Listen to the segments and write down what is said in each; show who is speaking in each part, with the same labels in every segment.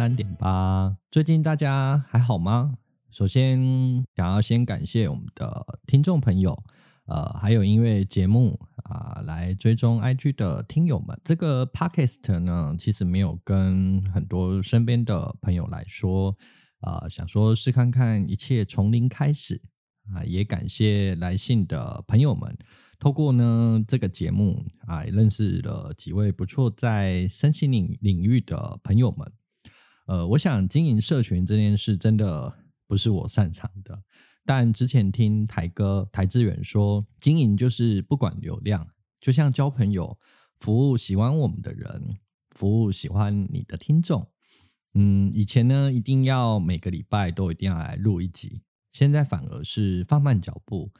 Speaker 1: 三點八，最近大家還好嗎？首先，想要先感謝我們的聽眾朋友，呃，還有因為節目啊、呃、來追蹤 IG 的聽友們，這個 Podcast 呢，其實沒有跟很多身邊的朋友來說，啊、呃，想說試看看一切從零開始啊、呃，也感謝來信的朋友們，透過呢這個節目啊、呃，認識了幾位不錯在身心領領域的朋友們。呃，我想經營社群這件事真的不是我擅長的，但之前聽台哥台志遠說，經營就是不管流量，就像交朋友，服務喜歡我們的人，服務喜歡你的聽眾。嗯，以前呢，一定要每個禮拜都一定要來錄一集，現在反而是放慢腳步，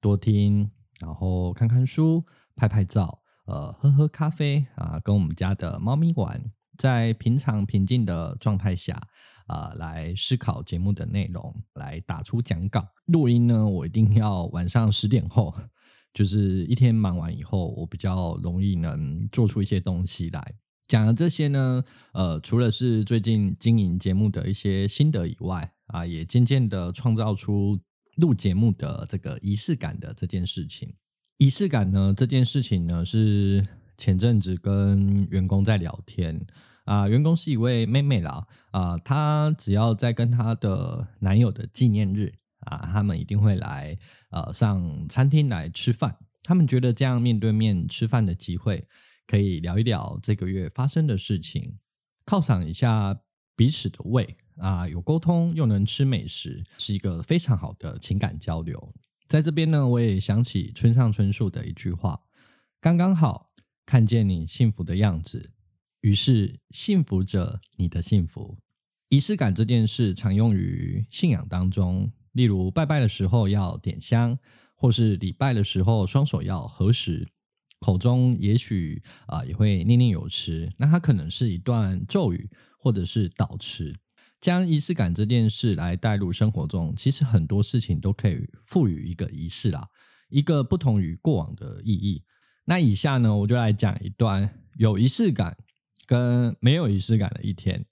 Speaker 1: 多聽，然後看看書，拍拍照，呃，喝喝咖啡啊，跟我們家的貓咪玩。在平常平靜的狀態下，啊、呃，來思考節目的內容，來打出講稿。錄音呢，我一定要晚上十點後，就是一天忙完以後，我比較容易能做出一些東西來。講的這些呢，呃，除了是最近經營節目的一些心得以外，啊，也漸漸的創造出錄節目的這個儀式感的這件事情。儀式感呢，這件事情呢，是。前陣子跟員工在聊天啊、呃，員工是一位妹妹啦啊，她、呃、只要在跟她的男友的紀念日啊、呃，他們一定會來呃上餐廳來吃飯。他們覺得這樣面對面吃飯的機會，可以聊一聊這個月發生的事情，犒賞一下彼此的胃啊、呃，有溝通又能吃美食，是一個非常好的情感交流。在這邊呢，我也想起村上春樹的一句話：“剛剛好。”看見你幸福的樣子，於是幸福著，你的幸福。儀式感這件事常用於信仰當中，例如拜拜的時候要點香，或是禮拜的時候雙手要合十，口中也許啊也會念念有詞。那它可能是一段咒語，或者是禱詞。將儀式感這件事來帶入生活中，其實很多事情都可以賦予一個儀式啦，一個不同於過往的意義。那以下呢，我就來講一段有儀式感跟沒有儀式感的一天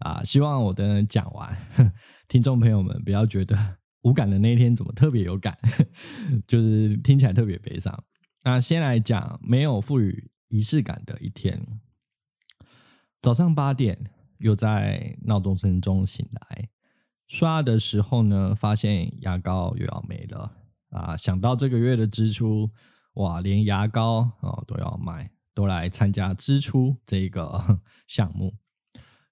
Speaker 1: 啊、呃。希望我能講完呵，聽眾朋友們不要覺得無感的那一天怎麼特別有感，就是聽起來特別悲傷。那先來講沒有賦予儀式感的一天。早上八點又在鬧鐘聲中醒來，刷的時候呢，發現牙膏又要沒了啊、呃！想到這個月的支出。哇，連牙膏哦都要買，都來參加支出這個項目。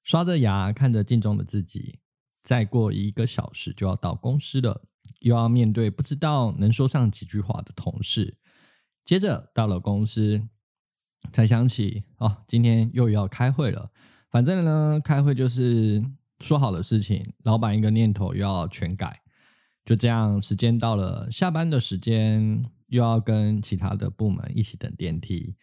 Speaker 1: 刷着牙，看着鏡中的自己，再過一個小時就要到公司了，又要面對不知道能說上幾句話的同事。接着到了公司，才想起哦，今天又要開會了。反正呢，開會就是說好的事情，老闆一個念頭又要全改。就這樣，時間到了，下班的時間又要跟其他的部門一起等電梯，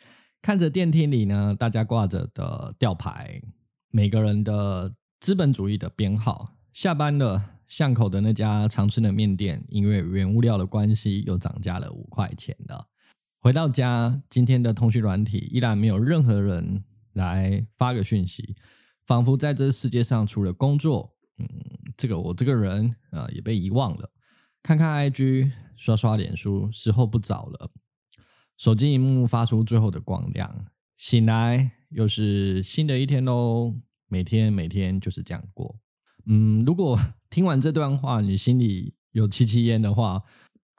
Speaker 1: 看着電梯裡呢，大家掛着的吊牌，每個人的資本主義的編號。下班了，巷口的那家常吃的麵店，因為原物料的關係，又漲價了五塊錢的。回到家，今天的通訊軟體依然沒有任何人來發個訊息，仿佛在這世界上，除了工作。嗯，這個我這個人啊也被遺忘了。看看 IG，刷刷臉書，時候不早了。手機螢幕發出最後的光亮，醒來又是新的一天嘍。每天每天就是這樣過。嗯，如果聽完這段話，你心裡有戚戚焉的話，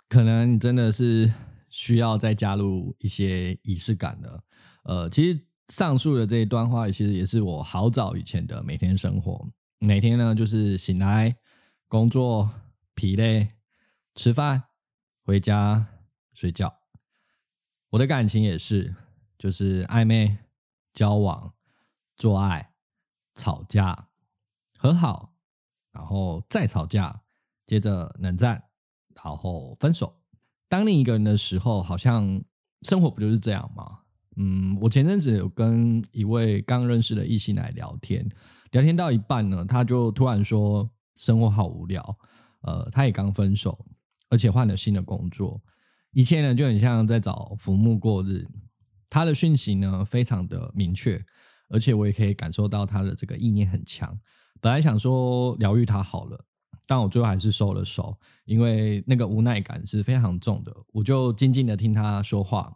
Speaker 1: 可能你真的是需要再加入一些儀式感了。呃，其實上述的這一段話，其實也是我好早以前的每天生活。每天呢，就是醒來、工作、疲累、吃飯、回家、睡覺。我的感情也是，就是曖昧、交往、做愛、吵架、和好，然後再吵架，接着冷戰，然後分手。當你一個人的時候，好像生活不就是這樣嗎？嗯，我前陣子有跟一位剛認識的異性來聊天。聊天到一半呢，他就突然說：“生活好無聊。”呃，他也剛分手，而且換了新的工作，一切呢就很像在找浮木過日。他的訊息呢非常的明確，而且我也可以感受到他的這個意念很強。本來想說療癒他好了，但我最後還是收了手，因為那個無奈感是非常重的。我就靜靜的聽他說話。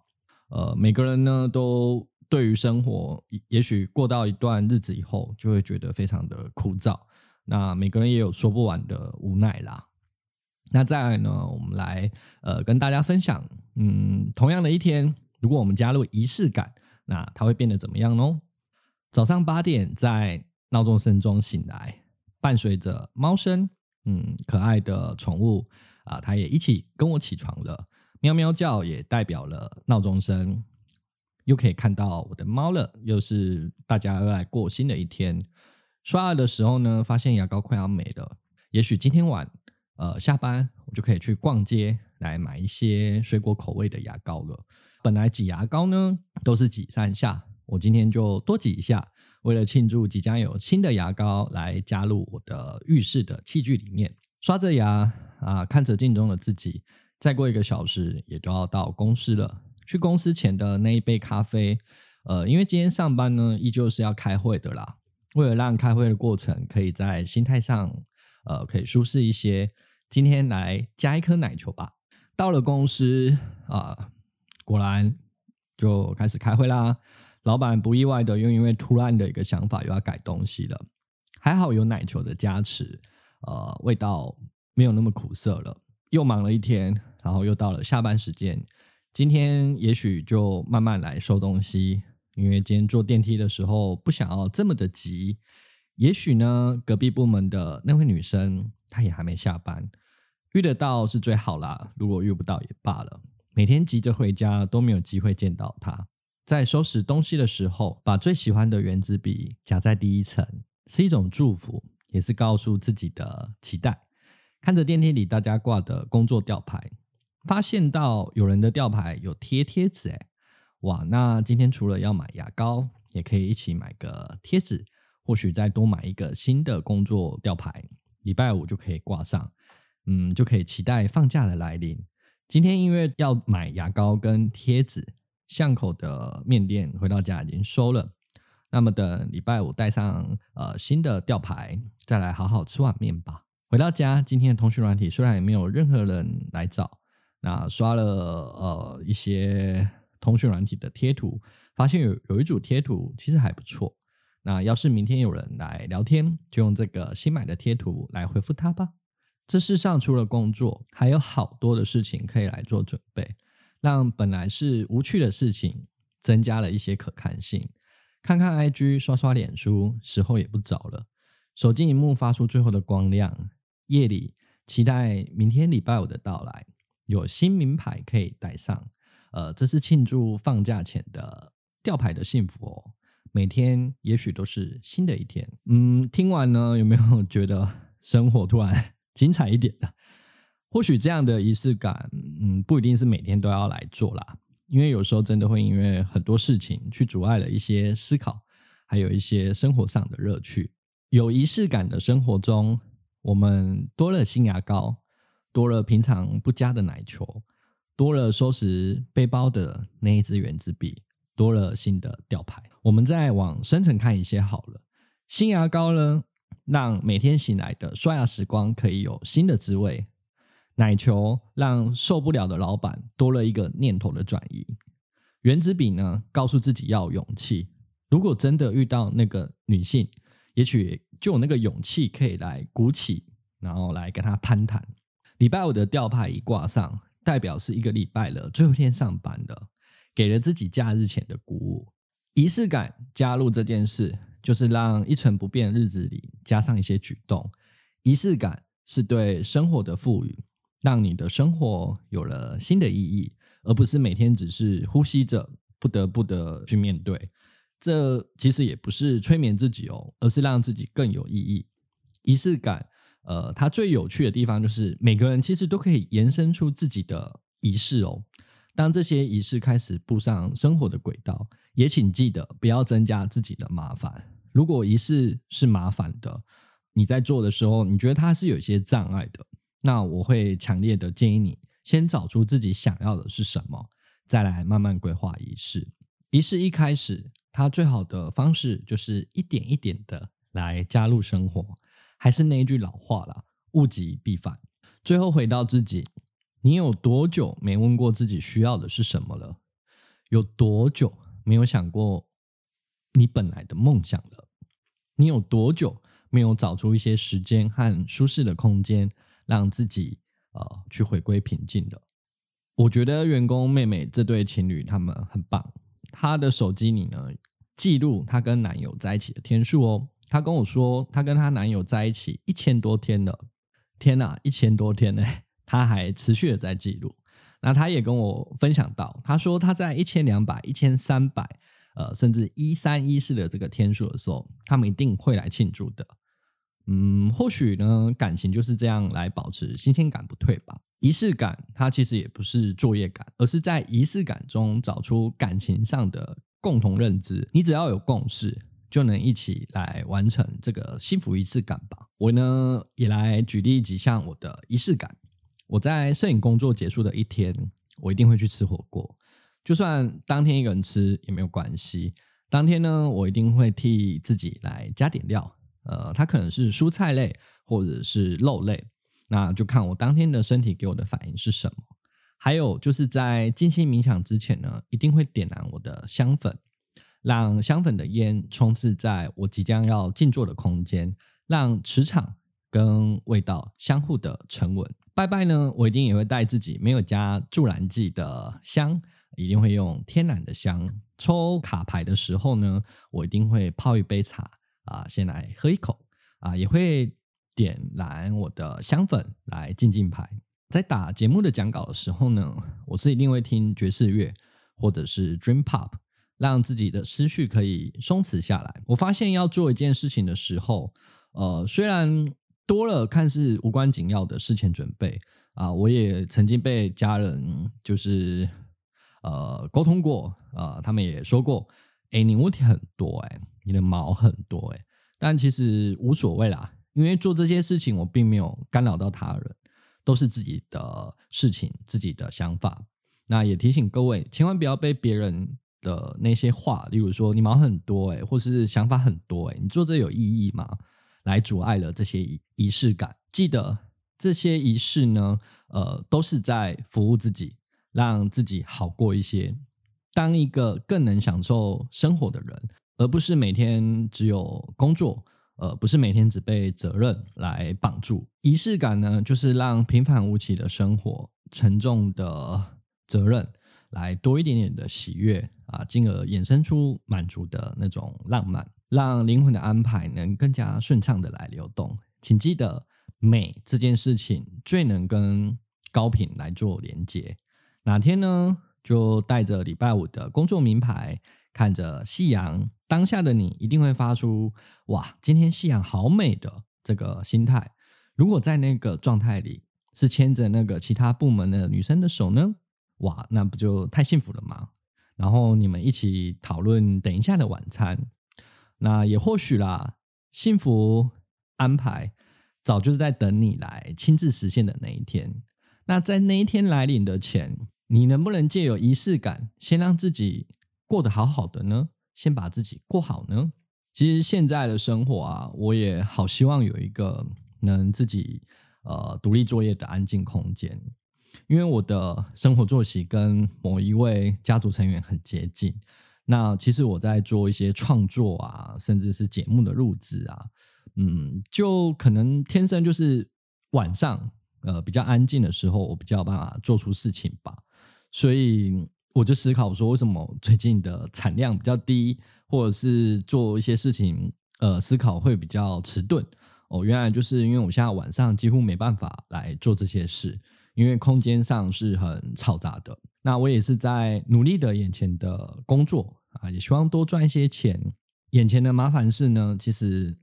Speaker 1: 呃，每個人呢都。對於生活，也許過到一段日子以後，就會覺得非常的枯燥。那每個人也有說不完的無奈啦。那再來呢，我們來呃跟大家分享，嗯，同樣的一天，如果我們加入儀式感，那它會變得怎麼樣呢？早上八點，在鬧鐘聲中醒來，伴隨着貓聲，嗯，可愛的寵物啊，呃，它也一起跟我起床了，喵喵叫也代表了鬧鐘聲。又可以看到我的貓了，又是大家要來過新的一天。刷牙的時候呢，發現牙膏快要沒了，也許今天晚，呃，下班我就可以去逛街來買一些水果口味的牙膏了。本來擠牙膏呢都是擠三下，我今天就多擠一下，為了慶祝即將有新的牙膏來加入我的浴室的器具裡面。刷着牙啊，看着鏡中的自己，再過一個小時也就要到公司了。去公司前的那一杯咖啡，呃，因為今天上班呢，依舊是要開會的啦。為了讓開會的過程可以在心態上，呃，可以舒適一些，今天來加一顆奶球吧。到了公司啊，呃，果然就開始開會啦。老板不意外的又因為突然的一個想法，又要改東西了。還好有奶球的加持，呃，味道沒有那麼苦澀了。又忙了一天，然後又到了下班時間。今天也許就慢慢來收東西，因為今天坐電梯的時候不想要這麼的急。也許呢，隔壁部門的那位女生她也還沒下班，遇得到是最好啦。如果遇不到也罷了，每天急着回家都沒有機會見到她。在收拾東西的時候，把最喜歡的原子筆夾在第一層，是一種祝福，也是告訴自己的期待。看着電梯裡大家掛的工作吊牌。發現到有人的吊牌有貼貼紙，誒，哇！那今天除了要買牙膏，也可以一起買個貼紙，或許再多買一個新的工作吊牌，禮拜五就可以掛上，嗯，就可以期待放假的來臨。今天因為要買牙膏跟貼紙，巷口的麵店回到家已經收了，那麼等禮拜五帶上呃新的吊牌，再來好好吃碗麵吧。回到家，今天的通訊軟體雖然也沒有任何人來找。那刷了呃一些通訊軟體的貼圖，發現有有一組貼圖其實還不錯。那要是明天有人來聊天，就用這個新買的貼圖來回復他吧。這世上除了工作，還有好多的事情可以來做準備，讓本來是無趣的事情增加了一些可看性。看看 IG，刷刷臉書，時候也不早了。手機熒幕發出最後的光亮，夜裡期待明天禮拜五的到來。有新名牌可以戴上，呃，這是慶祝放假前的吊牌的幸福哦。每天也許都是新的一天，嗯，聽完呢，有沒有覺得生活突然 精彩一點呢？或許這樣的儀式感，嗯，不一定是每天都要來做啦，因為有時候真的會因為很多事情去阻礙了一些思考，還有一些生活上的樂趣。有儀式感的生活中，我們多了新牙膏。多了平常不加的奶球，多了收拾背包的那一支原子筆，多了新的吊牌。我們再往深層看一些好了。新牙膏呢，讓每天醒來的刷牙時光可以有新的滋味。奶球讓受不了的老板多了一個念頭的轉移。原子筆呢，告訴自己要勇氣。如果真的遇到那個女性，也許就有那個勇氣可以來鼓起，然後來跟她攀談。禮拜五的吊牌一掛上，代表是一個禮拜了，最後一天上班了，給了自己假日前的鼓舞。儀式感加入這件事，就是讓一成不變的日子裡加上一些舉動。儀式感是對生活的賦予，讓你的生活有了新的意義，而不是每天只是呼吸着不得不得去面對。這其實也不是催眠自己哦，而是讓自己更有意義。儀式感。呃，它最有趣的地方就是每個人其實都可以延伸出自己的儀式哦。當這些儀式開始步上生活的軌道，也請記得不要增加自己的麻煩。如果儀式是麻煩的，你在做的時候，你覺得它是有一些障礙的，那我會強烈的建議你先找出自己想要的是什麼，再來慢慢規劃儀式。儀式一開始，它最好的方式就是一點一點的來加入生活。還是那一句老話啦，物極必反。最後回到自己，你有多久沒問過自己需要的是什麼了？有多久沒有想過你本來的夢想了？你有多久沒有找出一些時間和舒適的空間，讓自己呃去回歸平靜的？我覺得員工妹妹這對情侶他們很棒。她的手機裡呢，記錄她跟男友在一起的天數哦。她跟我說，她跟她男友在一起一千多天了，天吶、啊，一千多天呢，欸，她還持續的在記錄。那她也跟我分享到，她說她在一千兩百、一千三百，呃，甚至一三一四的這個天數的時候，他們一定會來慶祝的。嗯，或許呢，感情就是這樣來保持新鮮感不退吧。儀式感，它其實也不是作業感，而是在儀式感中找出感情上的共同認知。你只要有共識，就能一起來完成這個幸福儀式感吧。我呢，也來舉例幾項我的儀式感。我在攝影工作結束的一天，我一定會去吃火鍋，就算當天一個人吃也沒有關係。當天呢，我一定會替自己來加點料，呃，它可能是蔬菜類或者是肉類，那就看我當天的身體給我的反應是什麼。還有就是在靜心冥想之前呢，一定會點燃我的香氛。讓香粉的煙充斥在我即將要靜坐的空間，讓磁場跟味道相互的沉穩。拜拜呢，我一定也會帶自己沒有加助燃劑的香，一定會用天然的香。抽卡牌的時候呢，我一定會泡一杯茶啊，先來喝一口啊，也會點燃我的香粉來靜靜牌。在打節目的講稿的時候呢，我是一定會聽爵士樂或者是 Dream Pop。讓自己的思緒可以鬆弛下來。我發現要做一件事情的時候，呃，雖然多了看似無關緊要的事前準備啊、呃，我也曾經被家人就是呃溝通過呃，他們也說過：“哎、欸，你問題很多、欸，哎，你的毛很多，哎。”但其實無所謂啦，因為做這些事情我並沒有干擾到他人，都是自己的事情，自己的想法。那也提醒各位，千萬不要被別人。的那些話，例如說你忙很多誒、欸，或是想法很多誒、欸，你做這有意義嗎？來阻礙了這些儀式感。記得這些儀式呢，呃，都是在服務自己，讓自己好過一些，當一個更能享受生活的人，而不是每天只有工作，呃，不是每天只被責任來綁住。儀式感呢，就是讓平凡無奇的生活，沉重的責任。來多一點點的喜悅啊，進而衍生出滿足的那種浪漫，讓靈魂的安排能更加順暢的來流動。請記得，美這件事情最能跟高頻來做連接。哪天呢，就帶着禮拜五的工作名牌，看着夕陽，當下的你一定會發出“哇，今天夕陽好美”的這個心態。如果在那個狀態裡，是牽着那個其他部門的女生的手呢？哇，那不就太幸福了嗎？然後你們一起討論等一下的晚餐，那也或許啦，幸福安排早就是在等你來親自實現的那一天。那在那一天來臨的前，你能不能藉由儀式感，先讓自己過得好好的呢？先把自己過好呢？其實現在的生活啊，我也好希望有一個能自己呃獨立作業的安靜空間。因為我的生活作息跟某一位家族成員很接近，那其實我在做一些創作啊，甚至是節目的錄制啊，嗯，就可能天生就是晚上，呃，比較安靜的時候，我比較有辦法做出事情吧。所以我就思考說，為什麼最近的產量比較低，或者是做一些事情，呃，思考會比較遲鈍？哦，原來就是因為我現在晚上幾乎沒辦法來做這些事。因為空間上是很嘈雜的，那我也是在努力的眼前的工作啊，也希望多賺一些錢。眼前的麻煩事呢，其實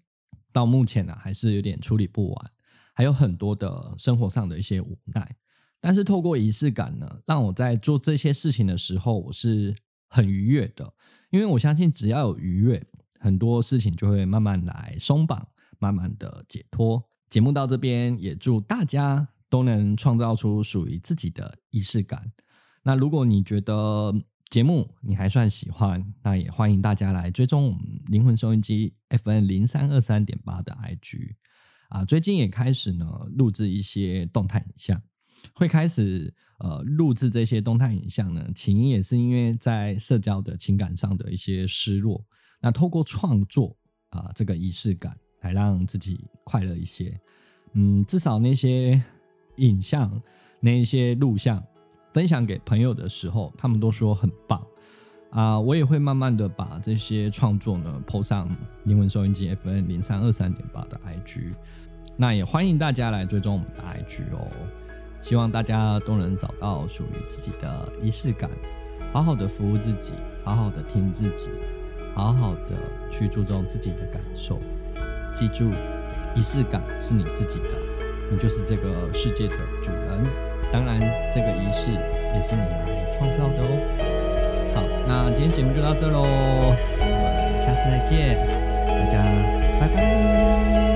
Speaker 1: 到目前呢，啊，還是有點處理不完，還有很多的生活上的一些無奈。但是透過儀式感呢，讓我在做這些事情的時候，我是很愉悅的，因為我相信只要有愉悅，很多事情就會慢慢來鬆綁，慢慢的解脫。節目到這邊，也祝大家。都能創造出屬於自己的儀式感。那如果你覺得節目你還算喜歡，那也歡迎大家來追蹤我們靈魂收音機 FM 零三二三點八的 IG 啊。最近也開始呢錄製一些動態影像，會開始呃錄製這些動態影像呢，起因也是因為在社交的情感上的一些失落，那透過創作啊這個儀式感來讓自己快樂一些。嗯，至少那些，影像，那些錄像分享給朋友的時候，他們都說很棒啊、呃！我也會慢慢的把這些創作呢，po 上靈魂收音機 FM 零三二三點八的 IG，那也歡迎大家來追蹤我們的 IG 哦！希望大家都能找到屬於自己的儀式感，好好的服務自己，好好的聽自己，好好的去注重自己的感受。記住，儀式感是你自己的。你就是這個世界的主人，當然，這個儀式也是你來創造的哦。好，那今天節目就到這嘍，我們下次再見，大家拜拜。